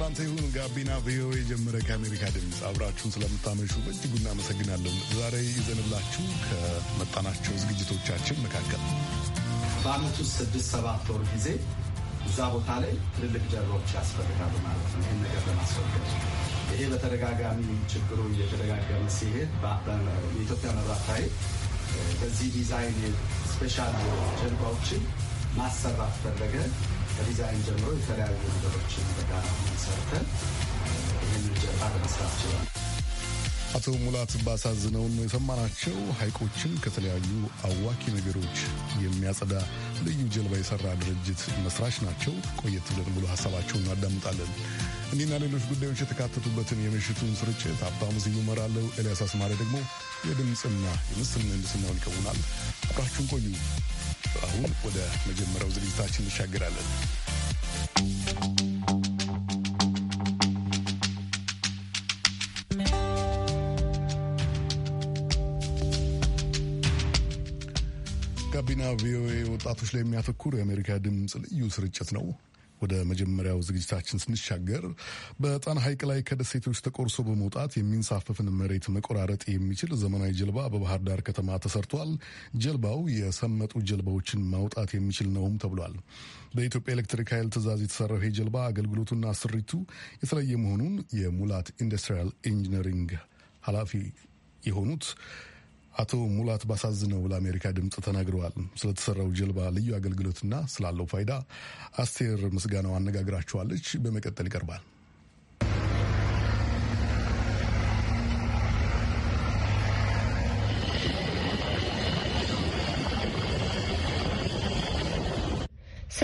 እናንተ ይሁን። ጋቢና ቪኦኤ ጀመረ። ከአሜሪካ ድምፅ አብራችሁን ስለምታመሹ በእጅጉ እናመሰግናለን። ዛሬ ይዘንላችሁ ከመጣናቸው ዝግጅቶቻችን መካከል በአመቱ ስድስት ሰባት ወር ጊዜ እዛ ቦታ ላይ ትልልቅ ጀሮዎች ያስፈልጋሉ ማለት ነው። ይህን ነገር ለማስወገድ ይሄ በተደጋጋሚ ችግሩ እየተደጋገመ ሲሄድ የኢትዮጵያ መብራት ኃይል በዚህ ዲዛይን ስፔሻል ጀልባዎችን ማሰራት ፈለገ። ከዲዛይን ጀምሮ የተለያዩ ነገሮችን በጋራ ሰርተን ይህንን ጀርባ ለመስራት ችላል። አቶ ሙላት ባሳዝነውን ነው የሰማናቸው። ሐይቆችን ከተለያዩ አዋኪ ነገሮች የሚያጸዳ ልዩ ጀልባ የሰራ ድርጅት መስራች ናቸው። ቆየት ብለን ብሎ ሀሳባቸውን እናዳምጣለን። እኒህና ሌሎች ጉዳዮች የተካተቱበትን የምሽቱን ስርጭት ሀብታሙ ስዩም እመራለሁ። ኤልያስ አስማሪ ደግሞ የድምፅና የምስል ምህንድስናውን ይከውናል። አብራችሁን ቆዩ። አሁን ወደ መጀመሪያው ዝግጅታችን እንሻገራለን። ጋቢና ቪኦኤ ወጣቶች ላይ የሚያተኩር የአሜሪካ ድምፅ ልዩ ስርጭት ነው። ወደ መጀመሪያው ዝግጅታችን ስንሻገር በጣና ሐይቅ ላይ ከደሴቶች ተቆርሶ በመውጣት የሚንሳፈፍን መሬት መቆራረጥ የሚችል ዘመናዊ ጀልባ በባህር ዳር ከተማ ተሰርቷል። ጀልባው የሰመጡ ጀልባዎችን ማውጣት የሚችል ነውም ተብሏል። በኢትዮጵያ ኤሌክትሪክ ኃይል ትእዛዝ የተሰራው ይህ ጀልባ አገልግሎቱና ስሪቱ የተለየ መሆኑን የሙላት ኢንዱስትሪያል ኢንጂነሪንግ ኃላፊ የሆኑት አቶ ሙላት ባሳዝነው ለአሜሪካ ድምፅ ተናግረዋል። ስለተሰራው ጀልባ ልዩ አገልግሎትና ስላለው ፋይዳ አስቴር ምስጋናው አነጋግራችኋለች። በመቀጠል ይቀርባል።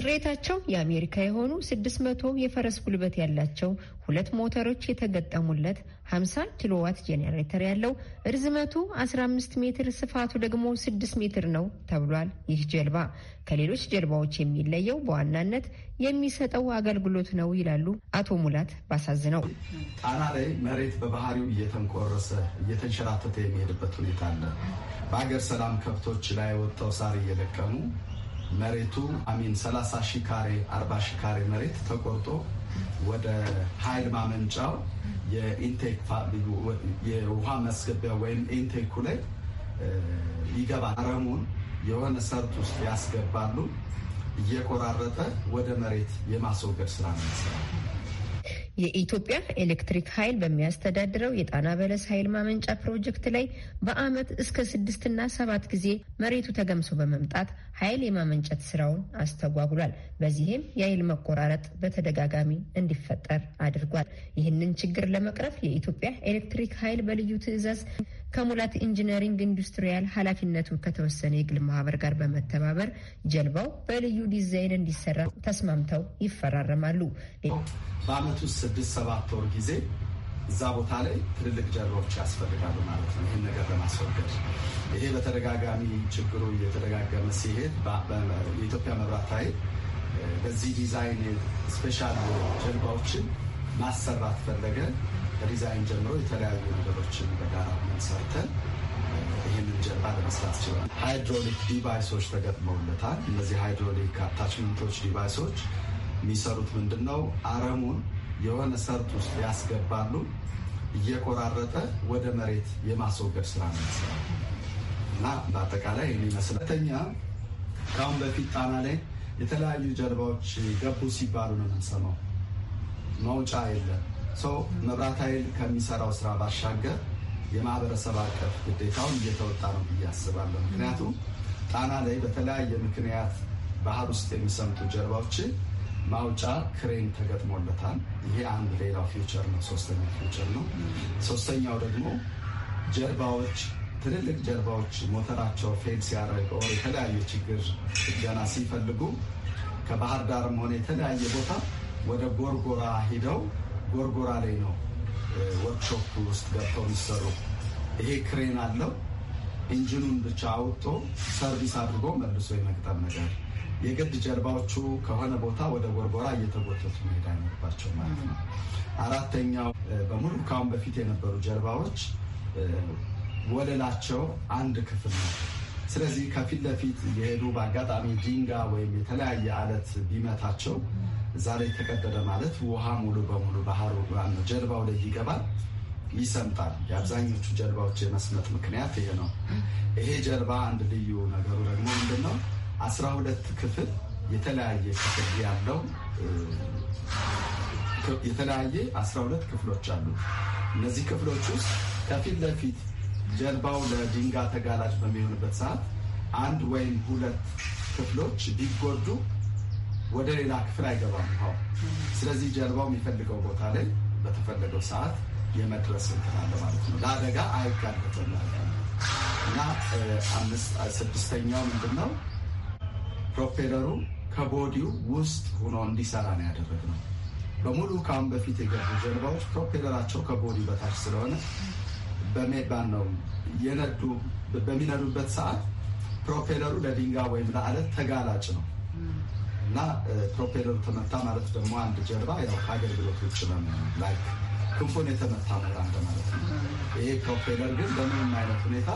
ቅሬታቸው የአሜሪካ የሆኑ 600 የፈረስ ጉልበት ያላቸው ሁለት ሞተሮች የተገጠሙለት 50 ኪሎዋት ጄኔሬተር ያለው ርዝመቱ 15 ሜትር ስፋቱ ደግሞ 6 ሜትር ነው ተብሏል። ይህ ጀልባ ከሌሎች ጀልባዎች የሚለየው በዋናነት የሚሰጠው አገልግሎት ነው ይላሉ አቶ ሙላት ባሳዝነው። ጣና ላይ መሬት በባህሪው እየተንቆረሰ እየተንሸራተተ የሚሄድበት ሁኔታ አለ። በሀገር ሰላም ከብቶች ላይ ወጥተው ሳር እየለቀሙ መሬቱ አሚን 30 ሺ ካሬ 40 ሺ ካሬ መሬት ተቆርጦ ወደ ኃይል ማመንጫው የውሃ ማስገቢያ ወይም ኢንቴኩ ላይ ይገባል። አረሙን የሆነ ሰርጥ ውስጥ ያስገባሉ። እየቆራረጠ ወደ መሬት የማስወገድ ስራ ነው የኢትዮጵያ ኤሌክትሪክ ኃይል በሚያስተዳድረው የጣና በለስ ኃይል ማመንጫ ፕሮጀክት ላይ በአመት እስከ ስድስትና ሰባት ጊዜ መሬቱ ተገምሶ በመምጣት ኃይል የማመንጨት ስራውን አስተጓጉሏል። በዚህም የኃይል መቆራረጥ በተደጋጋሚ እንዲፈጠር አድርጓል። ይህንን ችግር ለመቅረፍ የኢትዮጵያ ኤሌክትሪክ ኃይል በልዩ ትዕዛዝ ከሙላት ኢንጂነሪንግ ኢንዱስትሪያል ኃላፊነቱ ከተወሰነ የግል ማህበር ጋር በመተባበር ጀልባው በልዩ ዲዛይን እንዲሰራ ተስማምተው ይፈራረማሉ። በአመቱ ስድስት ሰባት ወር ጊዜ እዛ ቦታ ላይ ትልልቅ ጀሮች ያስፈልጋሉ ማለት ነው። ይህን ነገር ለማስወገድ ይሄ በተደጋጋሚ ችግሩ እየተደጋገመ ሲሄድ የኢትዮጵያ መብራት ኃይል በዚህ ዲዛይን ስፔሻል ጀልባዎችን ማሰራት ፈለገ። ከዲዛይን ጀምሮ የተለያዩ ነገሮችን በጋራ ሰርተን ይህንን ጀልባ ለመስራት ችሏል። ሃይድሮሊክ ዲቫይሶች ተገጥመውለታል። እነዚህ ሃይድሮሊክ አታችመንቶች ዲቫይሶች የሚሰሩት ምንድን ነው አረሙን የሆነ ሰርት ውስጥ ያስገባሉ። እየቆራረጠ ወደ መሬት የማስወገድ ስራ ነው ስራ እና በአጠቃላይ ይህ ይመስላል። ሁለተኛ ከአሁን በፊት ጣና ላይ የተለያዩ ጀልባዎች ገቡ ሲባሉ ነው የምንሰማው። መውጫ የለም። ሰው መብራት ኃይል ከሚሰራው ስራ ባሻገር የማህበረሰብ አቀፍ ግዴታውን እየተወጣ ነው ብዬ አስባለሁ። ምክንያቱም ጣና ላይ በተለያየ ምክንያት ባህር ውስጥ የሚሰምጡ ጀልባዎችን ማውጫ ክሬን ተገጥሞለታል። ይሄ አንድ ሌላው ፊውቸር ነው። ሶስተኛ ፊውቸር ነው። ሶስተኛው ደግሞ ጀልባዎች ትልልቅ ጀልባዎች ሞተራቸው ፌል ሲያደርግ ኦር የተለያየ ችግር ጥገና ሲፈልጉ ከባህር ዳርም ሆነ የተለያየ ቦታ ወደ ጎርጎራ ሂደው ጎርጎራ ላይ ነው ወርክሾፕ ውስጥ ገብተው የሚሰሩ። ይሄ ክሬን አለው ኢንጂኑን ብቻ አውጥቶ ሰርቪስ አድርጎ መልሶ የመግጠም ነገር የግድ ጀልባዎቹ ከሆነ ቦታ ወደ ጎርጎራ እየተጎተቱ መሄድ አይኖርባቸው ማለት ነው። አራተኛው በሙሉ ካሁን በፊት የነበሩ ጀልባዎች ወለላቸው አንድ ክፍል ነው። ስለዚህ ከፊት ለፊት የሄዱ በአጋጣሚ ድንጋይ ወይም የተለያየ አለት ቢመታቸው እዛ ላይ ተቀደደ ማለት ውሃ ሙሉ በሙሉ ባህሩ ጀልባው ላይ ይገባል፣ ይሰምጣል። የአብዛኞቹ ጀልባዎች የመስመጥ ምክንያት ይሄ ነው። ይሄ ጀልባ አንድ ልዩ ነገሩ ደግሞ ምንድን ነው? አስራ ሁለት ክፍል የተለያየ ክፍል ያለው የተለያየ አስራ ሁለት ክፍሎች አሉ። እነዚህ ክፍሎች ውስጥ ከፊት ለፊት ጀልባው ለድንጋይ ተጋላጭ በሚሆንበት ሰዓት አንድ ወይም ሁለት ክፍሎች ቢጎዱ ወደ ሌላ ክፍል አይገባም ውሃው። ስለዚህ ጀልባው የሚፈልገው ቦታ ላይ በተፈለገው ሰዓት የመድረስ እንትን አለ ማለት ነው። ለአደጋ አይጋለጥም እና ስድስተኛው ምንድን ነው? ፕሮፔለሩ ከቦዲው ውስጥ ሆኖ እንዲሰራ ነው ያደረግነው። በሙሉ ከአሁን በፊት የገቡ ጀልባዎች ፕሮፔለራቸው ከቦዲ በታች ስለሆነ በሜባን ነው የነዱ። በሚነዱበት ሰዓት ፕሮፔለሩ ለድንጋይ ወይም ለአለት ተጋላጭ ነው እና ፕሮፔለሩ ተመታ ማለት ደግሞ አንድ ጀልባ ያው ከአገልግሎት ውጭ ላይ ክንፉን የተመታ መራ እንደማለት ነው። ይሄ ፕሮፔለር ግን በምንም አይነት ሁኔታ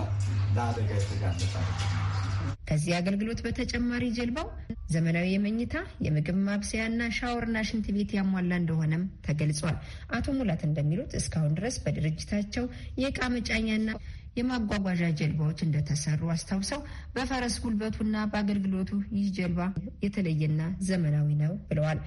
ለአደጋ የተጋለጠ ከዚህ አገልግሎት በተጨማሪ ጀልባው ዘመናዊ የመኝታ የምግብ ማብሰያና ሻወርና ሽንት ቤት ያሟላ እንደሆነም ተገልጿል። አቶ ሙላት እንደሚሉት እስካሁን ድረስ በድርጅታቸው የእቃ መጫኛና የማጓጓዣ ጀልባዎች እንደተሰሩ አስታውሰው በፈረስ ጉልበቱና በአገልግሎቱ ይህ ጀልባ የተለየና ዘመናዊ ነው ብለዋል።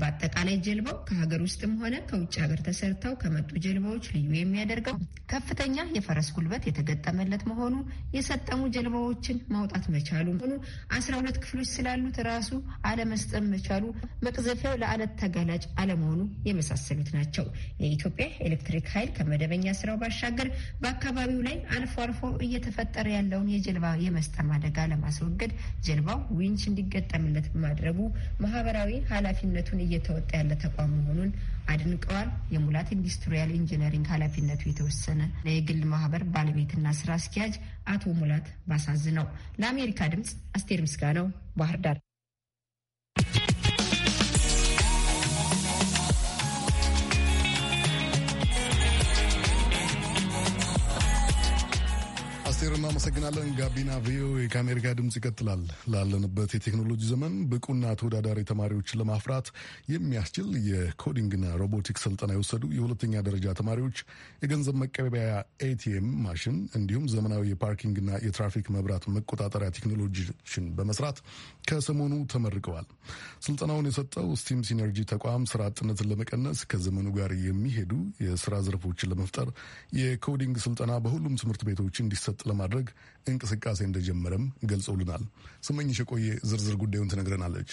በአጠቃላይ ጀልባው ከሀገር ውስጥም ሆነ ከውጭ ሀገር ተሰርተው ከመጡ ጀልባዎች ልዩ የሚያደርገው ከፍተኛ የፈረስ ጉልበት የተገጠመለት መሆኑ፣ የሰጠሙ ጀልባዎችን ማውጣት መቻሉ ሆኑ አስራ ሁለት ክፍሎች ስላሉት ራሱ አለመስጠም መቻሉ፣ መቅዘፊያው ለአለት ተጋላጭ አለመሆኑ የመሳሰሉት ናቸው። የኢትዮጵያ ኤሌክትሪክ ኃይል ከመደበኛ ስራው ባሻገር በአካባቢው ላይ አልፎ አልፎ እየተፈጠረ ያለውን የጀልባ የመስጠም አደጋ ለማስወገድ ጀልባው ዊንች እንዲገጠምለት በማድረጉ ማህበራዊ ኃላፊነቱን እየተወጣ ያለ ተቋም መሆኑን አድንቀዋል። የሙላት ኢንዱስትሪያል ኢንጂነሪንግ ኃላፊነቱ የተወሰነ የግል ማህበር ባለቤትና ስራ አስኪያጅ አቶ ሙላት ባሳዝ ነው። ለአሜሪካ ድምጽ አስቴር ምስጋናው ባህር ዳር። አስቴር እናመሰግናለን። ጋቢና ቪኦኤ ከአሜሪካ ድምፅ ይቀጥላል። ላለንበት የቴክኖሎጂ ዘመን ብቁና ተወዳዳሪ ተማሪዎችን ለማፍራት የሚያስችል የኮዲንግና ሮቦቲክስ ስልጠና የወሰዱ የሁለተኛ ደረጃ ተማሪዎች የገንዘብ መቀበያ ኤቲኤም ማሽን እንዲሁም ዘመናዊ የፓርኪንግና የትራፊክ መብራት መቆጣጠሪያ ቴክኖሎጂዎችን በመስራት ከሰሞኑ ተመርቀዋል። ስልጠናውን የሰጠው ስቲም ሲነርጂ ተቋም ስራ አጥነትን ለመቀነስ ከዘመኑ ጋር የሚሄዱ የስራ ዘርፎችን ለመፍጠር የኮዲንግ ስልጠና በሁሉም ትምህርት ቤቶች እንዲሰጥ ለማድረግ እንቅስቃሴ እንደጀመረም ገልጾልናል። ስመኝሽ የቆየ ዝርዝር ጉዳዩን ትነግረናለች።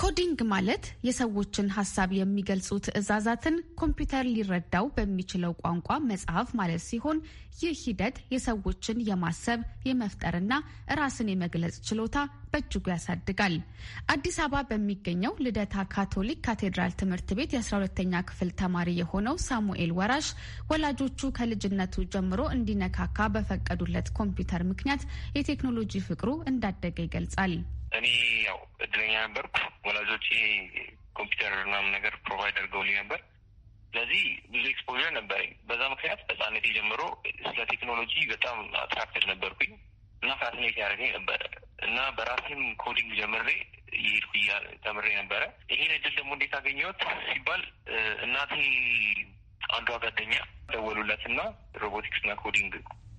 ኮዲንግ ማለት የሰዎችን ሀሳብ የሚገልጹ ትዕዛዛትን ኮምፒውተር ሊረዳው በሚችለው ቋንቋ መጽሐፍ ማለት ሲሆን ይህ ሂደት የሰዎችን የማሰብ የመፍጠርና ራስን የመግለጽ ችሎታ በእጅጉ ያሳድጋል። አዲስ አበባ በሚገኘው ልደታ ካቶሊክ ካቴድራል ትምህርት ቤት የ12ተኛ ክፍል ተማሪ የሆነው ሳሙኤል ወራሽ ወላጆቹ ከልጅነቱ ጀምሮ እንዲነካካ በፈቀዱለት ኮምፒውተር ምክንያት የቴክኖሎጂ ፍቅሩ እንዳደገ ይገልጻል። እኔ ያው እድለኛ ነበርኩ። ወላጆቼ ኮምፒውተር ምናምን ነገር ፕሮቫይድ አድርገውልኝ ነበር። ስለዚህ ብዙ ኤክስፖዥር ነበረኝ። በዛ ምክንያት በህጻንነቴ ጀምሮ ስለ ቴክኖሎጂ በጣም አትራክትድ ነበርኩኝ እና ፋሲኔት ያደረገኝ ነበረ እና በራሴም ኮዲንግ ጀምሬ እየሄድኩ ተምሬ ነበረ። ይሄን እድል ደግሞ እንዴት አገኘሁት ሲባል እናቴ አንዷ ጓደኛ ደወሉለት እና ሮቦቲክስ እና ኮዲንግ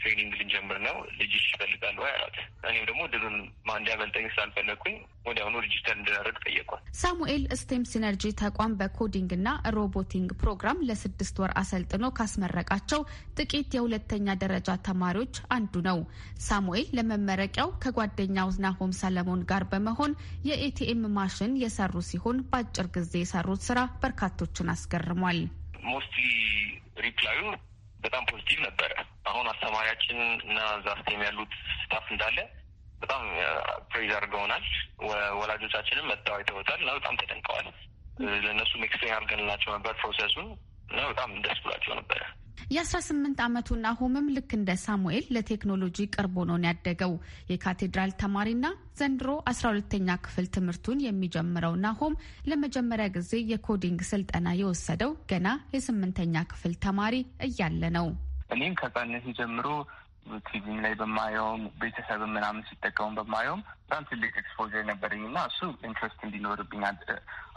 ትሬኒንግ ልንጀምር ነው ልጅሽ ይፈልጋሉ አላት። እኔም ደግሞ ድሉን እንዲያመልጠኝ ስላልፈለግኩኝ ወዲያውኑ ሬጅስተር እንድናደርግ ጠየቋል። ሳሙኤል ስቴም ሲነርጂ ተቋም በኮዲንግ እና ሮቦቲንግ ፕሮግራም ለስድስት ወር አሰልጥኖ ካስመረቃቸው ጥቂት የሁለተኛ ደረጃ ተማሪዎች አንዱ ነው። ሳሙኤል ለመመረቂያው ከጓደኛው ናሆም ሰለሞን ጋር በመሆን የኤቲኤም ማሽን የሰሩ ሲሆን በአጭር ጊዜ የሰሩት ስራ በርካቶችን አስገርሟል። ሞስትሊ ሪፕላዩ በጣም ፖዚቲቭ ነበረ። አሁን አስተማሪያችን እና እዛ ስቴም ያሉት ስታፍ እንዳለ በጣም ፕሬዝ አድርገውናል። ወላጆቻችንም መጣው አይተውታል እና በጣም ተደንቀዋል። ለእነሱም ኤክስፕሌን አድርገንላቸው ነበር ፕሮሰሱን እና በጣም ደስ ብሏቸው ነበረ። የ18 ዓመቱ ናሆምም ልክ እንደ ሳሙኤል ለቴክኖሎጂ ቅርብ ሆኖ ያደገው። የካቴድራል ተማሪና ዘንድሮ 12ተኛ ክፍል ትምህርቱን የሚጀምረው ናሆም ለመጀመሪያ ጊዜ የኮዲንግ ስልጠና የወሰደው ገና የስምንተኛ ክፍል ተማሪ እያለ ነው። እኔም ከጻነት ጀምሮ ቲቪም ላይ በማየውም ቤተሰብ ምናምን ሲጠቀሙ በማየውም በጣም ትልቅ ኤክስፖዘር ነበረኝ እና እሱ ኢንትረስት እንዲኖርብኝ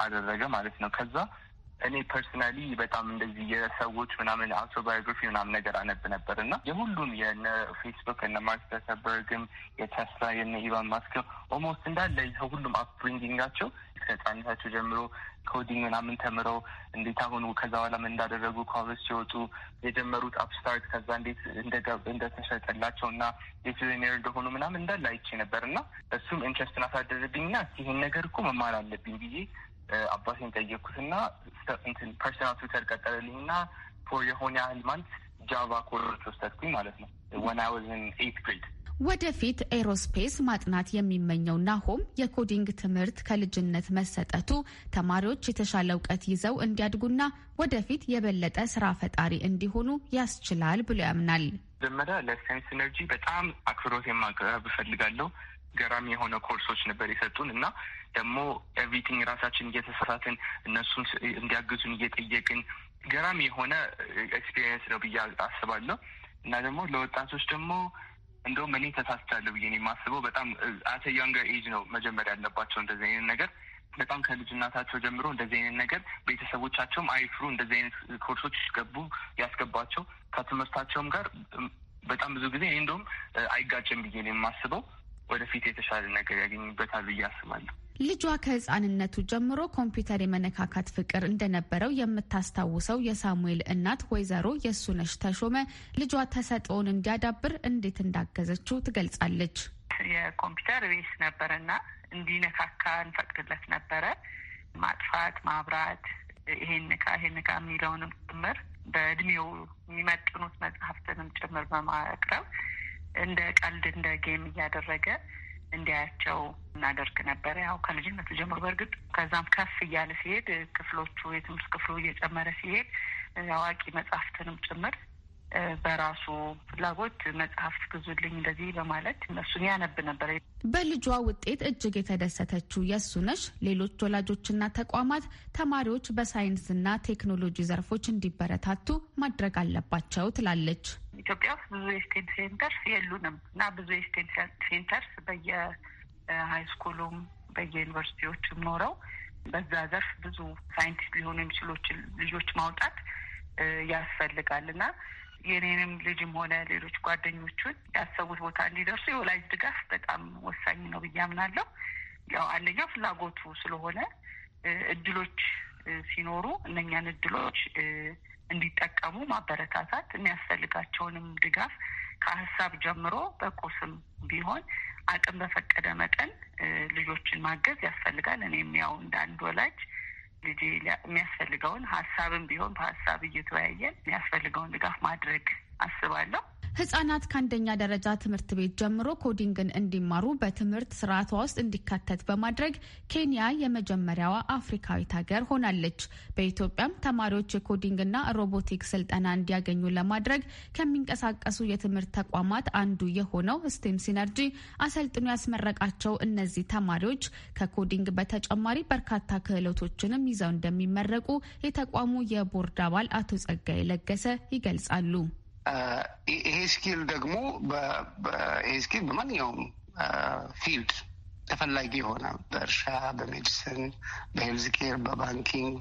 አደረገ ማለት ነው ከዛ እኔ ፐርሰናሊ በጣም እንደዚህ የሰዎች ምናምን አውቶባዮግራፊ ምናምን ነገር አነብ ነበር እና የሁሉም የነ ፌስቡክ እነ ማርክ ዘከርበርግም የቴስላ የነ ኢቫን ማስክ ኦልሞስት እንዳለ ሁሉም አፕብሪንጊንጋቸው ከህጻንነታቸው ጀምሮ ኮዲንግ ምናምን ተምረው እንዴት አሁን ከዛ በኋላ ምን እንዳደረጉ ኮሌጅ ሲወጡ የጀመሩት አፕስታርት ከዛ እንዴት እንደተሸጠላቸው እና የትሪኔር እንደሆኑ ምናምን እንዳለ አይቼ ነበር እና እሱም ኢንትረስትን አሳደረብኝ ና ይህን ነገር እኮ መማር አለብኝ ብዬ አባቴን ጠየቅኩትና እንትን ፐርሰናል ትዊተር ቀጠለልኝ ቀጠረልኝና ፎር የሆነ ያህል ማንት ጃቫ ኮርስ ወሰድኩኝ ማለት ነው። ወን አይ ዋዝ ኢን ኤይት ግሬድ። ወደፊት ኤሮስፔስ ማጥናት የሚመኘው ናሆም የኮዲንግ ትምህርት ከልጅነት መሰጠቱ ተማሪዎች የተሻለ እውቀት ይዘው እንዲያድጉና ወደፊት የበለጠ ስራ ፈጣሪ እንዲሆኑ ያስችላል ብሎ ያምናል። መጀመሪያ ለሳይንስ ኤነርጂ በጣም አክብሮት የማቅረብ እፈልጋለሁ። ገራሚ የሆነ ኮርሶች ነበር የሰጡን እና ደግሞ ኤቭሪቲንግ ራሳችን እየተሳሳትን እነሱን እንዲያግዙን እየጠየቅን ገራሚ የሆነ ኤክስፒሪየንስ ነው ብዬ አስባለሁ። እና ደግሞ ለወጣቶች ደግሞ እንደውም እኔ ተሳስቻለሁ ብዬ ነው የማስበው። በጣም አተ ያንገር ኤጅ ነው መጀመሪያ ያለባቸው እንደዚህ አይነት ነገር በጣም ከልጅናታቸው ጀምሮ እንደዚህ አይነት ነገር ቤተሰቦቻቸውም አይፍሩ፣ እንደዚህ አይነት ኮርሶች ይገቡ ያስገባቸው ከትምህርታቸውም ጋር በጣም ብዙ ጊዜ እኔ እንደውም አይጋጭም ብዬ ነው የማስበው። ወደፊት የተሻለ ነገር ያገኙበታል ብዬ አስባለሁ። ልጇ ከህፃንነቱ ጀምሮ ኮምፒውተር የመነካካት ፍቅር እንደነበረው የምታስታውሰው የሳሙኤል እናት ወይዘሮ የሱነሽ ተሾመ ልጇ ተሰጠውን እንዲያዳብር እንዴት እንዳገዘችው ትገልጻለች። የኮምፒውተር ቤስ ነበረና እንዲነካካ እንፈቅድለት ነበረ። ማጥፋት፣ ማብራት፣ ይሄን ንካ ይሄን ንካ የሚለውንም ጭምር በእድሜው የሚመጥኑት መጽሐፍትንም ጭምር በማቅረብ እንደ ቀልድ እንደ ጌም እያደረገ እንዲያያቸው እናደርግ ነበረ። ያው ከልጅነቱ ጀምሮ በእርግጥ ከዛም ከፍ እያለ ሲሄድ ክፍሎቹ የትምህርት ክፍሉ እየጨመረ ሲሄድ አዋቂ መጽሐፍትንም ጭምር በራሱ ፍላጎት መጽሐፍ ግዙልኝ እንደዚህ በማለት እነሱን ያነብ ነበር። በልጇ ውጤት እጅግ የተደሰተችው የሱነሽ ሌሎች ወላጆችና ተቋማት ተማሪዎች በሳይንስና ቴክኖሎጂ ዘርፎች እንዲበረታቱ ማድረግ አለባቸው ትላለች። ኢትዮጵያ ውስጥ ብዙ የስቴም ሴንተርስ የሉንም እና ብዙ የስቴም ሴንተርስ በየሃይስኩሉም በየዩኒቨርሲቲዎችም ኖረው በዛ ዘርፍ ብዙ ሳይንቲስት ሊሆኑ የሚችሉ ልጆች ማውጣት ያስፈልጋል እና የኔንም ልጅም ሆነ ሌሎች ጓደኞቹን ያሰቡት ቦታ እንዲደርሱ የወላጅ ድጋፍ በጣም ወሳኝ ነው ብዬ አምናለሁ። ያው አንደኛው ፍላጎቱ ስለሆነ እድሎች ሲኖሩ እነኛን እድሎች እንዲጠቀሙ ማበረታታት፣ የሚያስፈልጋቸውንም ድጋፍ ከሀሳብ ጀምሮ በቁስም ቢሆን አቅም በፈቀደ መጠን ልጆችን ማገዝ ያስፈልጋል። እኔም ያው እንደ አንድ ወላጅ ልጅ የሚያስፈልገውን ሀሳብም ቢሆን በሀሳብ እየተወያየን የሚያስፈልገውን ድጋፍ ማድረግ አስባለሁ። ህጻናት ከአንደኛ ደረጃ ትምህርት ቤት ጀምሮ ኮዲንግን እንዲማሩ በትምህርት ስርዓቷ ውስጥ እንዲካተት በማድረግ ኬንያ የመጀመሪያዋ አፍሪካዊት ሀገር ሆናለች። በኢትዮጵያም ተማሪዎች የኮዲንግና ሮቦቲክ ስልጠና እንዲያገኙ ለማድረግ ከሚንቀሳቀሱ የትምህርት ተቋማት አንዱ የሆነው ስቴም ሲነርጂ አሰልጥኖ ያስመረቃቸው እነዚህ ተማሪዎች ከኮዲንግ በተጨማሪ በርካታ ክህሎቶችንም ይዘው እንደሚመረቁ የተቋሙ የቦርድ አባል አቶ ጸጋይ ለገሰ ይገልጻሉ። ይሄ ስኪል ደግሞ ይሄ ስኪል በማንኛውም ፊልድ ተፈላጊ የሆነ በእርሻ፣ በሜዲሲን፣ በሄልዝ ኬር፣ በባንኪንግ፣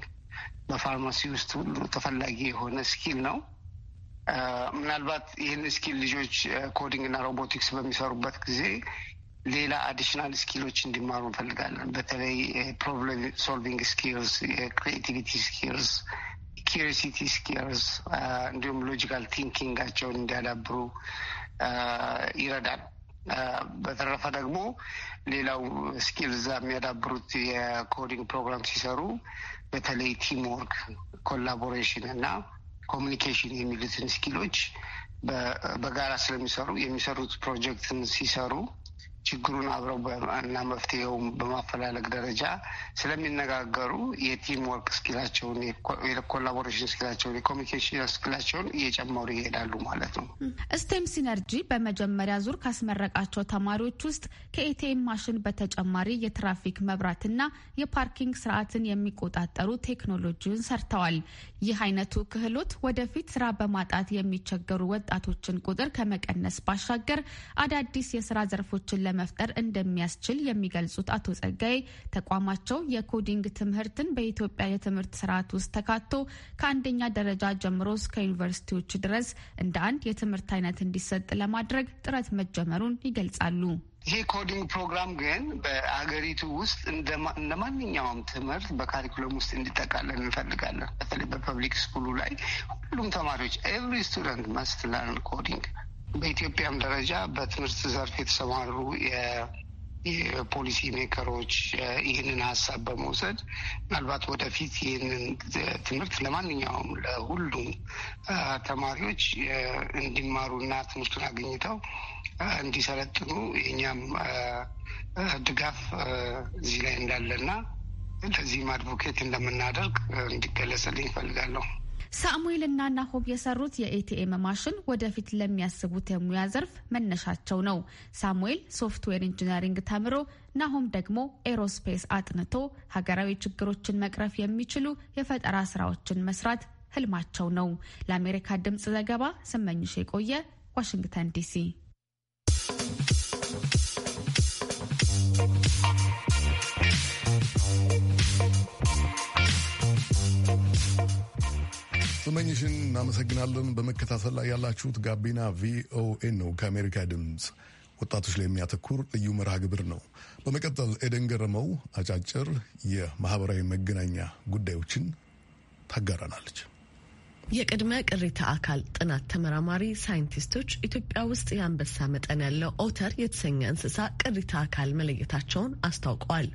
በፋርማሲ ውስጥ ሁሉ ተፈላጊ የሆነ ስኪል ነው። ምናልባት ይህን ስኪል ልጆች ኮዲንግ እና ሮቦቲክስ በሚሰሩበት ጊዜ ሌላ አዲሽናል ስኪሎች እንዲማሩ እንፈልጋለን። በተለይ ፕሮብለም ሶልቪንግ ስኪልስ፣ የክሪኤቲቪቲ ስኪልስ ኪሪሲቲ ስኪልስ uh, እንዲሁም ሎጂካል ቲንኪንጋቸውን እንዲያዳብሩ uh, ይረዳል። uh, በተረፈ ደግሞ ሌላው ስኪል እዛ የሚያዳብሩት የኮዲንግ ፕሮግራም ሲሰሩ በተለይ ቲም ወርክ፣ ኮላቦሬሽን እና ኮሚኒኬሽን የሚሉትን ስኪሎች በጋራ ስለሚሰሩ የሚሰሩት ፕሮጀክትን ሲሰሩ ችግሩን አብረው እና መፍትሄው በማፈላለግ ደረጃ ስለሚነጋገሩ የቲም ወርክ ስኪላቸውን፣ የኮላቦሬሽን ስኪላቸውን፣ የኮሚኒኬሽን ስኪላቸውን እየጨመሩ ይሄዳሉ ማለት ነው። ስቴም ሲነርጂ በመጀመሪያ ዙር ካስመረቃቸው ተማሪዎች ውስጥ ከኤቲኤም ማሽን በተጨማሪ የትራፊክ መብራትና የፓርኪንግ ስርዓትን የሚቆጣጠሩ ቴክኖሎጂውን ሰርተዋል። ይህ አይነቱ ክህሎት ወደፊት ስራ በማጣት የሚቸገሩ ወጣቶችን ቁጥር ከመቀነስ ባሻገር አዳዲስ የስራ ዘርፎችን ለመፍጠር እንደሚያስችል የሚገልጹት አቶ ጸጋይ ተቋማቸው የኮዲንግ ትምህርትን በኢትዮጵያ የትምህርት ስርዓት ውስጥ ተካቶ ከአንደኛ ደረጃ ጀምሮ እስከ ዩኒቨርሲቲዎች ድረስ እንደ አንድ የትምህርት አይነት እንዲሰጥ ለማድረግ ጥረት መጀመሩን ይገልጻሉ። ይሄ ኮዲንግ ፕሮግራም ግን በአገሪቱ ውስጥ እንደ ማንኛውም ትምህርት በካሪኩለም ውስጥ እንዲጠቃለን እንፈልጋለን። በተለይ በፐብሊክ ስኩሉ ላይ ሁሉም ተማሪዎች ኤቭሪ ስቱደንት መስት ለርን ኮዲንግ በኢትዮጵያም ደረጃ በትምህርት ዘርፍ የተሰማሩ የፖሊሲ ሜከሮች ይህንን ሀሳብ በመውሰድ ምናልባት ወደፊት ይህንን ትምህርት ለማንኛውም ለሁሉም ተማሪዎች እንዲማሩና ትምህርቱን አግኝተው እንዲሰለጥኑ የእኛም ድጋፍ እዚህ ላይ እንዳለና ለዚህም አድቮኬት እንደምናደርግ እንዲገለጽልኝ ይፈልጋለሁ። ሳሙኤልና ናሆም የሰሩት የኤቲኤም ማሽን ወደፊት ለሚያስቡት የሙያ ዘርፍ መነሻቸው ነው። ሳሙኤል ሶፍትዌር ኢንጂነሪንግ ተምሮ ናሆም ደግሞ ኤሮስፔስ አጥንቶ ሀገራዊ ችግሮችን መቅረፍ የሚችሉ የፈጠራ ስራዎችን መስራት ህልማቸው ነው። ለአሜሪካ ድምፅ ዘገባ ስመኝሽ የቆየ ዋሽንግተን ዲሲ። ስመኝሽን እናመሰግናለን። በመከታተል ላይ ያላችሁት ጋቢና ቪኦኤ ነው ከአሜሪካ ድምፅ ወጣቶች ላይ የሚያተኩር ልዩ መርሃ ግብር ነው። በመቀጠል ኤደን ገረመው አጫጭር የማህበራዊ መገናኛ ጉዳዮችን ታጋራናለች። የቅድመ ቅሪተ አካል ጥናት ተመራማሪ ሳይንቲስቶች ኢትዮጵያ ውስጥ የአንበሳ መጠን ያለው ኦተር የተሰኘ እንስሳ ቅሪተ አካል መለየታቸውን አስታውቀዋል።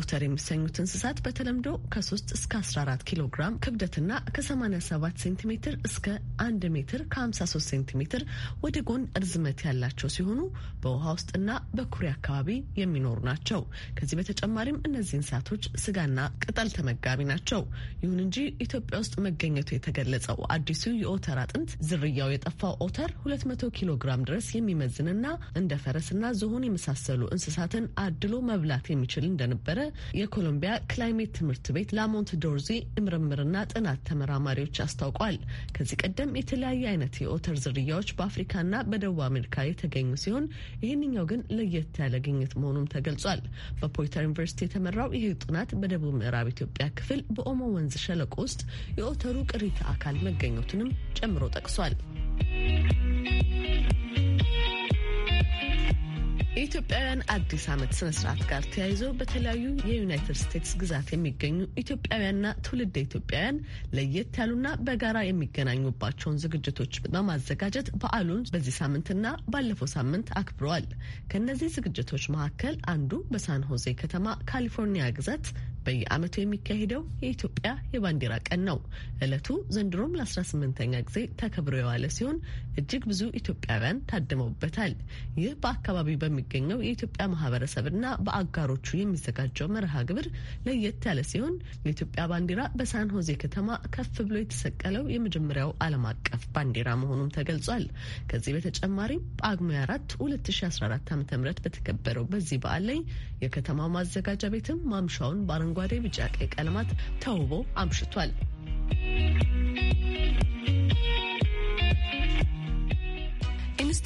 ኦተር የሚሰኙት እንስሳት በተለምዶ ከ3 እስከ 14 ኪሎ ግራም ክብደትና ከ87 ሴንቲሜትር እስከ 1 ሜትር ከ53 ሴንቲሜትር ወደ ጎን እርዝመት ያላቸው ሲሆኑ በውሃ ውስጥና በኩሬ አካባቢ የሚኖሩ ናቸው። ከዚህ በተጨማሪም እነዚህ እንስሳቶች ስጋና ቅጠል ተመጋቢ ናቸው። ይሁን እንጂ ኢትዮጵያ ውስጥ መገኘቱ የተገለጸው ነው። አዲሱ የኦተር አጥንት ዝርያው የጠፋው ኦተር 200 ኪሎ ግራም ድረስ የሚመዝንና እንደ ፈረስና ዝሆን የመሳሰሉ እንስሳትን አድሎ መብላት የሚችል እንደነበረ የኮሎምቢያ ክላይሜት ትምህርት ቤት ላሞንት ዶርዚ ምርምርና ጥናት ተመራማሪዎች አስታውቋል። ከዚህ ቀደም የተለያየ አይነት የኦተር ዝርያዎች በአፍሪካና በደቡብ አሜሪካ የተገኙ ሲሆን ይህንኛው ግን ለየት ያለ ግኝት መሆኑም ተገልጿል። በፖይተር ዩኒቨርሲቲ የተመራው ይህ ጥናት በደቡብ ምዕራብ ኢትዮጵያ ክፍል በኦሞ ወንዝ ሸለቆ ውስጥ የኦተሩ ቅሪተ አካል መገኘቱንም ጨምሮ ጠቅሷል። የኢትዮጵያውያን አዲስ ዓመት ስነ ስርዓት ጋር ተያይዞ በተለያዩ የዩናይትድ ስቴትስ ግዛት የሚገኙ ኢትዮጵያውያንና ትውልደ ኢትዮጵያውያን ለየት ያሉና በጋራ የሚገናኙባቸውን ዝግጅቶች በማዘጋጀት በዓሉን በዚህ ሳምንትና ባለፈው ሳምንት አክብረዋል። ከእነዚህ ዝግጅቶች መካከል አንዱ በሳን ሆዜ ከተማ ካሊፎርኒያ ግዛት በየዓመቱ የሚካሄደው የኢትዮጵያ የባንዲራ ቀን ነው። ዕለቱ ዘንድሮም ለ18ኛ ጊዜ ተከብሮ የዋለ ሲሆን እጅግ ብዙ ኢትዮጵያውያን ታድመውበታል። ይህ በአካባቢው በሚገኘው የኢትዮጵያ ማህበረሰብና በአጋሮቹ የሚዘጋጀው መርሃ ግብር ለየት ያለ ሲሆን የኢትዮጵያ ባንዲራ በሳን ሆዜ ከተማ ከፍ ብሎ የተሰቀለው የመጀመሪያው ዓለም አቀፍ ባንዲራ መሆኑም ተገልጿል። ከዚህ በተጨማሪም በጳጉሜ 4 2014 ዓ ም በተከበረው በዚህ በዓል ላይ የከተማው ማዘጋጃ ቤትም ማምሻውን በአረንጓዴ፣ ቢጫ፣ ቀይ ቀለማት ተውቦ አምሽቷል።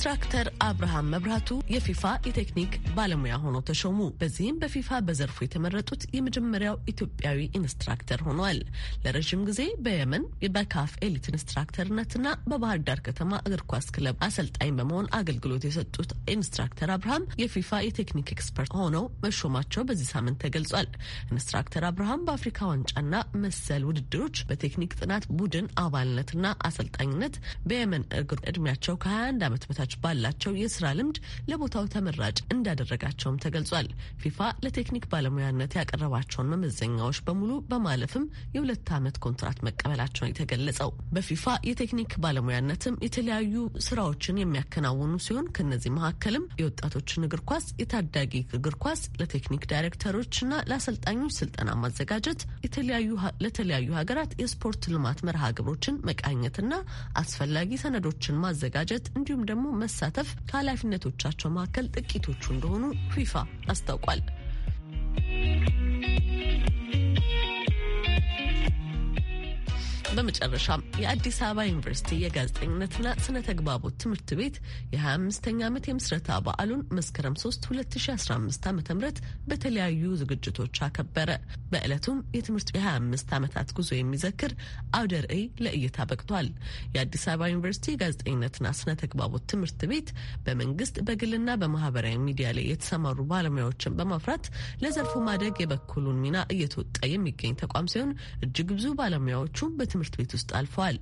ኢንስትራክተር አብርሃም መብራቱ የፊፋ የቴክኒክ ባለሙያ ሆነው ተሾሙ። በዚህም በፊፋ በዘርፉ የተመረጡት የመጀመሪያው ኢትዮጵያዊ ኢንስትራክተር ሆነዋል። ለረዥም ጊዜ በየመን በካፍ ኤሊት ኢንስትራክተርነትና በባህር ዳር ከተማ እግር ኳስ ክለብ አሰልጣኝ በመሆን አገልግሎት የሰጡት ኢንስትራክተር አብርሃም የፊፋ የቴክኒክ ኤክስፐርት ሆነው መሾማቸው በዚህ ሳምንት ተገልጿል። ኢንስትራክተር አብርሃም በአፍሪካ ዋንጫና መሰል ውድድሮች በቴክኒክ ጥናት ቡድን አባልነትና አሰልጣኝነት በየመን እግር ዕድሜያቸው ከ21 ዓመት በታች ተጫዋቾች ባላቸው የስራ ልምድ ለቦታው ተመራጭ እንዳደረጋቸውም ተገልጿል። ፊፋ ለቴክኒክ ባለሙያነት ያቀረባቸውን መመዘኛዎች በሙሉ በማለፍም የሁለት ዓመት ኮንትራት መቀበላቸውን የተገለጸው በፊፋ የቴክኒክ ባለሙያነትም የተለያዩ ስራዎችን የሚያከናውኑ ሲሆን ከነዚህ መካከልም የወጣቶችን እግር ኳስ፣ የታዳጊ እግር ኳስ፣ ለቴክኒክ ዳይሬክተሮችና ለአሰልጣኞች ስልጠና ማዘጋጀት፣ ለተለያዩ ሀገራት የስፖርት ልማት መርሃ ግብሮችን መቃኘትና አስፈላጊ ሰነዶችን ማዘጋጀት እንዲሁም ደግሞ መሳተፍ ከኃላፊነቶቻቸው መካከል ጥቂቶቹ እንደሆኑ ፊፋ አስታውቋል። በመጨረሻም የአዲስ አበባ ዩኒቨርሲቲ የጋዜጠኝነትና ስነ ተግባቦት ትምህርት ቤት የ25ኛ ዓመት የምስረታ በዓሉን መስከረም 3 2015 ዓ ም በተለያዩ ዝግጅቶች አከበረ። በዕለቱም የትምህርት የ25 ዓመታት ጉዞ የሚዘክር አውደ ርዕይ ለእይታ በቅቷል። የአዲስ አበባ ዩኒቨርሲቲ የጋዜጠኝነትና ስነ ተግባቦት ትምህርት ቤት በመንግስት በግልና በማህበራዊ ሚዲያ ላይ የተሰማሩ ባለሙያዎችን በማፍራት ለዘርፉ ማደግ የበኩሉን ሚና እየተወጣ የሚገኝ ተቋም ሲሆን እጅግ ብዙ ባለሙያዎቹ በትምህርት ትምህርት ቤት ውስጥ አልፈዋል።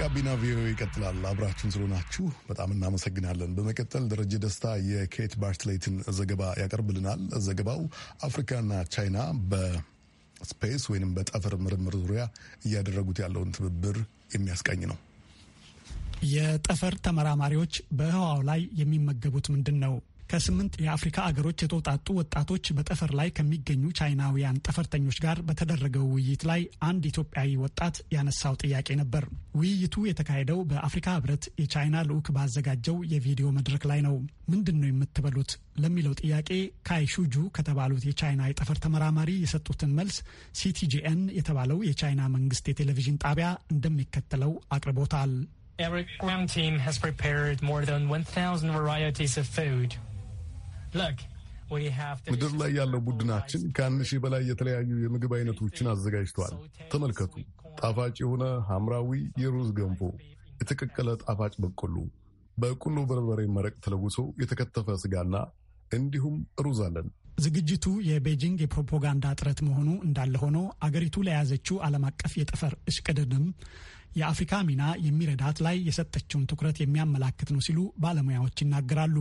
ጋቢና ቪኦኤ ይቀጥላል። አብራችሁን ስለሆናችሁ በጣም እናመሰግናለን። በመቀጠል ደረጀ ደስታ የኬት ባርትሌትን ዘገባ ያቀርብልናል። ዘገባው አፍሪካና ቻይና በስፔስ ወይንም በጠፈር ምርምር ዙሪያ እያደረጉት ያለውን ትብብር የሚያስቃኝ ነው። የጠፈር ተመራማሪዎች በህዋው ላይ የሚመገቡት ምንድን ነው? ከስምንት የአፍሪካ አገሮች የተውጣጡ ወጣቶች በጠፈር ላይ ከሚገኙ ቻይናውያን ጠፈርተኞች ጋር በተደረገው ውይይት ላይ አንድ ኢትዮጵያዊ ወጣት ያነሳው ጥያቄ ነበር። ውይይቱ የተካሄደው በአፍሪካ ህብረት የቻይና ልዑክ ባዘጋጀው የቪዲዮ መድረክ ላይ ነው። ምንድን ነው የምትበሉት ለሚለው ጥያቄ ካይሹጁ ከተባሉት የቻይና የጠፈር ተመራማሪ የሰጡትን መልስ ሲቲጂኤን የተባለው የቻይና መንግስት የቴሌቪዥን ጣቢያ እንደሚከተለው አቅርቦታል። Eric Ground Team has prepared more than 1,000 varieties of food. Look, ምድር ላይ ያለው ቡድናችን ከአንድ ሺህ በላይ የተለያዩ የምግብ አይነቶችን አዘጋጅቷል። ተመልከቱ፣ ጣፋጭ የሆነ ሐምራዊ የሩዝ ገንፎ፣ የተቀቀለ ጣፋጭ በቆሎ፣ በቆሎ በርበሬ መረቅ ተለውሶ የተከተፈ ስጋና እንዲሁም ሩዝ አለን። ዝግጅቱ የቤጂንግ የፕሮፓጋንዳ ጥረት መሆኑ እንዳለ ሆኖ አገሪቱ ለያዘችው ዓለም አቀፍ የጠፈር እሽቅድድም የአፍሪካ ሚና የሚረዳት ላይ የሰጠችውን ትኩረት የሚያመላክት ነው ሲሉ ባለሙያዎች ይናገራሉ።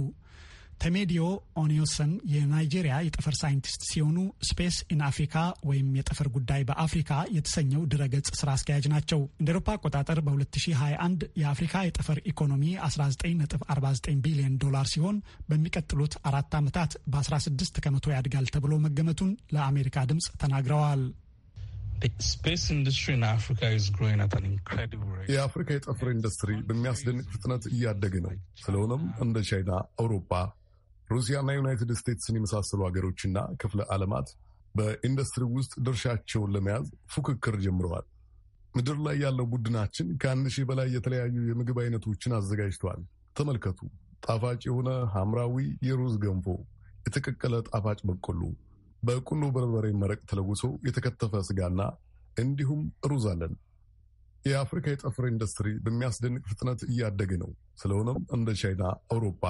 ተሜዲዮ ኦኒዮሰን የናይጄሪያ የጠፈር ሳይንቲስት ሲሆኑ ስፔስ ኢን አፍሪካ ወይም የጠፈር ጉዳይ በአፍሪካ የተሰኘው ድረገጽ ስራ አስኪያጅ ናቸው። እንደ ኤሮፓ አቆጣጠር በ2021 የአፍሪካ የጠፈር ኢኮኖሚ 1949 ቢሊዮን ዶላር ሲሆን በሚቀጥሉት አራት ዓመታት በ16 ከመቶ ያድጋል ተብሎ መገመቱን ለአሜሪካ ድምፅ ተናግረዋል። የአፍሪካ የጠፈር ኢንዱስትሪ በሚያስደንቅ ፍጥነት እያደገ ነው። ስለሆነም እንደ ቻይና፣ አውሮፓ ሩሲያና ዩናይትድ ስቴትስን የመሳሰሉ ሀገሮችና ክፍለ ዓለማት በኢንዱስትሪ ውስጥ ድርሻቸውን ለመያዝ ፉክክር ጀምረዋል። ምድር ላይ ያለው ቡድናችን ከአንድ ሺህ በላይ የተለያዩ የምግብ አይነቶችን አዘጋጅተዋል። ተመልከቱ። ጣፋጭ የሆነ ሐምራዊ የሩዝ ገንፎ፣ የተቀቀለ ጣፋጭ በቆሎ፣ በቁሎ በርበሬ መረቅ ተለውሶ የተከተፈ ስጋና እንዲሁም ሩዝ አለን። የአፍሪካ የጠፍር ኢንዱስትሪ በሚያስደንቅ ፍጥነት እያደገ ነው። ስለሆነም እንደ ቻይና፣ አውሮፓ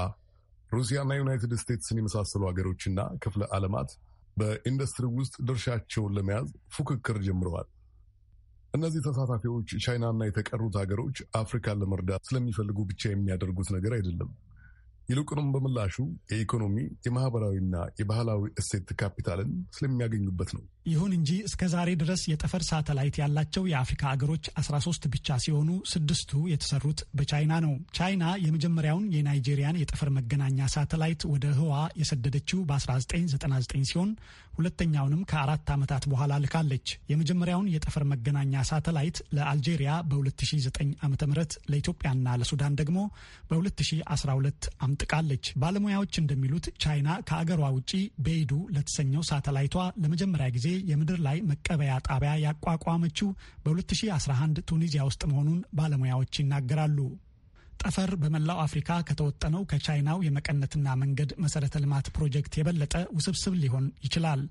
ሩሲያና ዩናይትድ ስቴትስን የመሳሰሉ ሀገሮችና ክፍለ ዓለማት በኢንዱስትሪ ውስጥ ድርሻቸውን ለመያዝ ፉክክር ጀምረዋል። እነዚህ ተሳታፊዎች ቻይናና የተቀሩት ሀገሮች አፍሪካን ለመርዳት ስለሚፈልጉ ብቻ የሚያደርጉት ነገር አይደለም። ይልቁንም በምላሹ የኢኮኖሚ የማህበራዊና የባህላዊ እሴት ካፒታልን ስለሚያገኙበት ነው። ይሁን እንጂ እስከ ዛሬ ድረስ የጠፈር ሳተላይት ያላቸው የአፍሪካ አገሮች 13 ብቻ ሲሆኑ ስድስቱ የተሰሩት በቻይና ነው። ቻይና የመጀመሪያውን የናይጄሪያን የጠፈር መገናኛ ሳተላይት ወደ ህዋ የሰደደችው በ1999 ሲሆን ሁለተኛውንም ከአራት ዓመታት በኋላ ልካለች። የመጀመሪያውን የጠፈር መገናኛ ሳተላይት ለአልጄሪያ በ2009 ዓ ም ለኢትዮጵያና ለሱዳን ደግሞ በ2012 ዓ ሰንጥቃለች። ባለሙያዎች እንደሚሉት ቻይና ከአገሯ ውጪ በይዱ ለተሰኘው ሳተላይቷ ለመጀመሪያ ጊዜ የምድር ላይ መቀበያ ጣቢያ ያቋቋመችው በ2011 ቱኒዚያ ውስጥ መሆኑን ባለሙያዎች ይናገራሉ። ጠፈር በመላው አፍሪካ ከተወጠነው ከቻይናው የመቀነትና መንገድ መሰረተ ልማት ፕሮጀክት የበለጠ ውስብስብ ሊሆን ይችላል።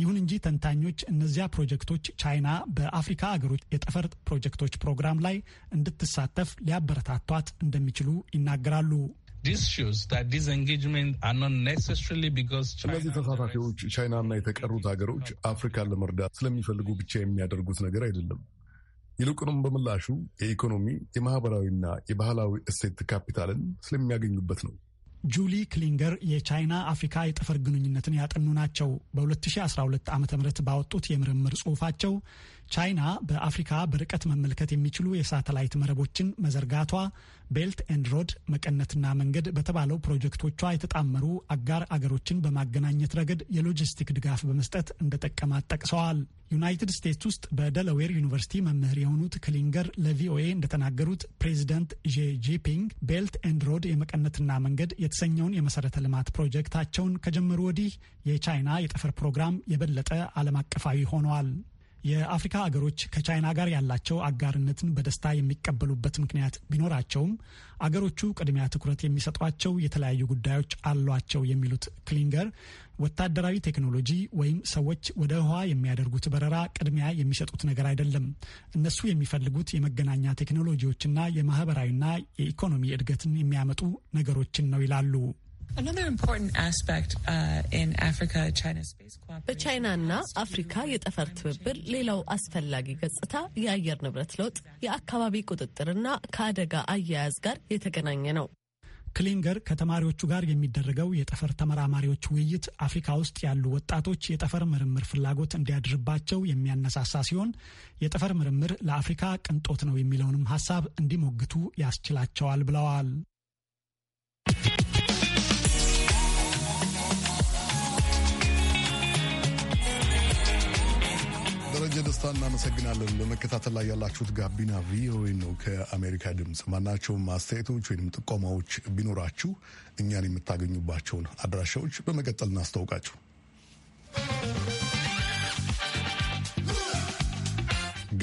ይሁን እንጂ ተንታኞች እነዚያ ፕሮጀክቶች ቻይና በአፍሪካ አገሮች የጠፈር ፕሮጀክቶች ፕሮግራም ላይ እንድትሳተፍ ሊያበረታቷት እንደሚችሉ ይናገራሉ። እነዚህ ተሳታፊዎች ቻይናና የተቀሩት ሀገሮች አፍሪካን ለመርዳት ስለሚፈልጉ ብቻ የሚያደርጉት ነገር አይደለም። ይልቁንም በምላሹ የኢኮኖሚ የማህበራዊና የባህላዊ እሴት ካፒታልን ስለሚያገኙበት ነው። ጁሊ ክሊንገር የቻይና አፍሪካ የጠፈር ግንኙነትን ያጠኑ ናቸው። በ2012 ዓ ም ባወጡት የምርምር ጽሁፋቸው ቻይና በአፍሪካ በርቀት መመልከት የሚችሉ የሳተላይት መረቦችን መዘርጋቷ ቤልት ኤንድ ሮድ መቀነትና መንገድ በተባለው ፕሮጀክቶቿ የተጣመሩ አጋር አገሮችን በማገናኘት ረገድ የሎጂስቲክ ድጋፍ በመስጠት እንደጠቀማት ጠቅሰዋል። ዩናይትድ ስቴትስ ውስጥ በደለዌር ዩኒቨርሲቲ መምህር የሆኑት ክሊንገር ለቪኦኤ እንደተናገሩት ፕሬዚደንት ዢ ጂንፒንግ ቤልት ኤንድ ሮድ የመቀነትና መንገድ የተሰኘውን የመሰረተ ልማት ፕሮጀክታቸውን ከጀመሩ ወዲህ የቻይና የጠፈር ፕሮግራም የበለጠ ዓለም አቀፋዊ ሆነዋል። የአፍሪካ አገሮች ከቻይና ጋር ያላቸው አጋርነትን በደስታ የሚቀበሉበት ምክንያት ቢኖራቸውም አገሮቹ ቅድሚያ ትኩረት የሚሰጧቸው የተለያዩ ጉዳዮች አሏቸው የሚሉት ክሊንገር ወታደራዊ ቴክኖሎጂ ወይም ሰዎች ወደ ህዋ የሚያደርጉት በረራ ቅድሚያ የሚሰጡት ነገር አይደለም። እነሱ የሚፈልጉት የመገናኛ ቴክኖሎጂዎችና የማህበራዊና የኢኮኖሚ እድገትን የሚያመጡ ነገሮችን ነው ይላሉ። Uh, በቻይናና አፍሪካ የጠፈር ትብብር ሌላው አስፈላጊ ገጽታ የአየር ንብረት ለውጥ፣ የአካባቢ ቁጥጥርና ከአደጋ አያያዝ ጋር የተገናኘ ነው። ክሊንገር ከተማሪዎቹ ጋር የሚደረገው የጠፈር ተመራማሪዎች ውይይት አፍሪካ ውስጥ ያሉ ወጣቶች የጠፈር ምርምር ፍላጎት እንዲያድርባቸው የሚያነሳሳ ሲሆን የጠፈር ምርምር ለአፍሪካ ቅንጦት ነው የሚለውንም ሀሳብ እንዲሞግቱ ያስችላቸዋል ብለዋል። እናመሰግናለን። በመከታተል ላይ ያላችሁት ጋቢና ቪኦኤ ነው ከአሜሪካ ድምፅ። ማናቸውም አስተያየቶች ወይም ጥቆማዎች ቢኖራችሁ እኛን የምታገኙባቸውን አድራሻዎች በመቀጠል እናስታውቃችሁ።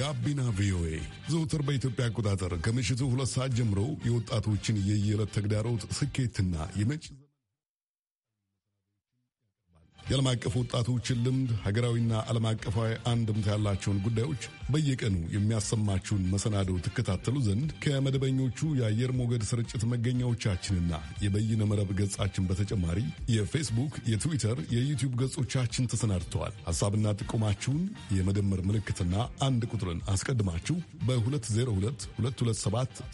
ጋቢና ቪኦኤ ዘውትር በኢትዮጵያ አቆጣጠር ከምሽቱ ሁለት ሰዓት ጀምሮ የወጣቶችን የየዕለት ተግዳሮት ስኬትና የመጭ የዓለም አቀፍ ወጣቶችን ልምድ፣ ሀገራዊና ዓለም አቀፋዊ አንድምታ ያላቸውን ጉዳዮች በየቀኑ የሚያሰማችሁን መሰናዶ ትከታተሉ ዘንድ ከመደበኞቹ የአየር ሞገድ ስርጭት መገኛዎቻችንና የበይነ መረብ ገጻችን በተጨማሪ የፌስቡክ፣ የትዊተር፣ የዩቲዩብ ገጾቻችን ተሰናድተዋል። ሐሳብና ጥቆማችሁን የመደመር ምልክትና አንድ ቁጥርን አስቀድማችሁ በ202227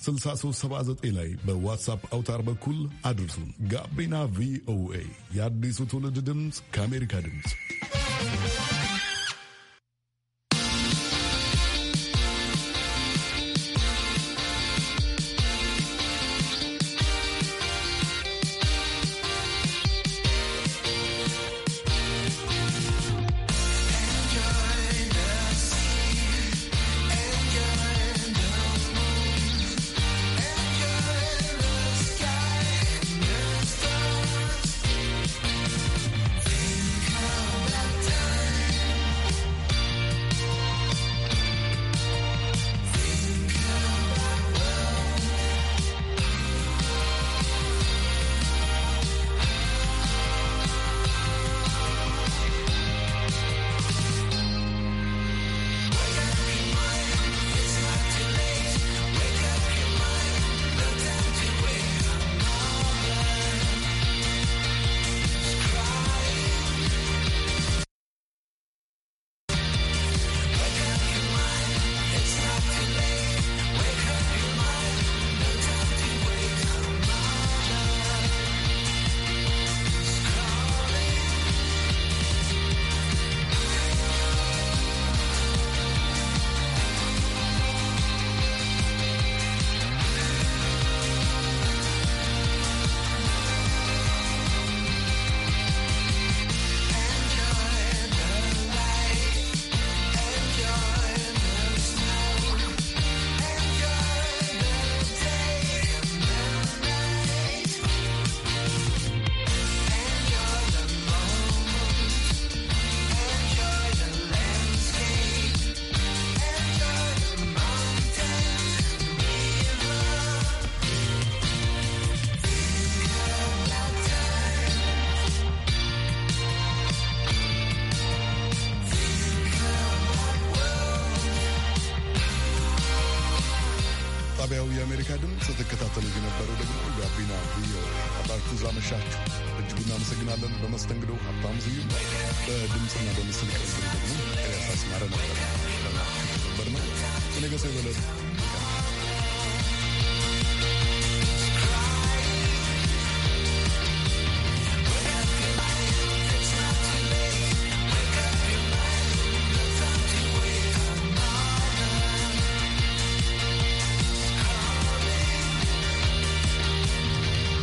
6379 ላይ በዋትሳፕ አውታር በኩል አድርሱን። ጋቢና ቪኦኤ የአዲሱ ትውልድ ድምፅ ከአሜሪካ ድምፅ ጋብዝዩ በድምፅና በምስል ቅንብሩ ደግሞ ኤልያስ አስማረ ነበር ነበር ነው።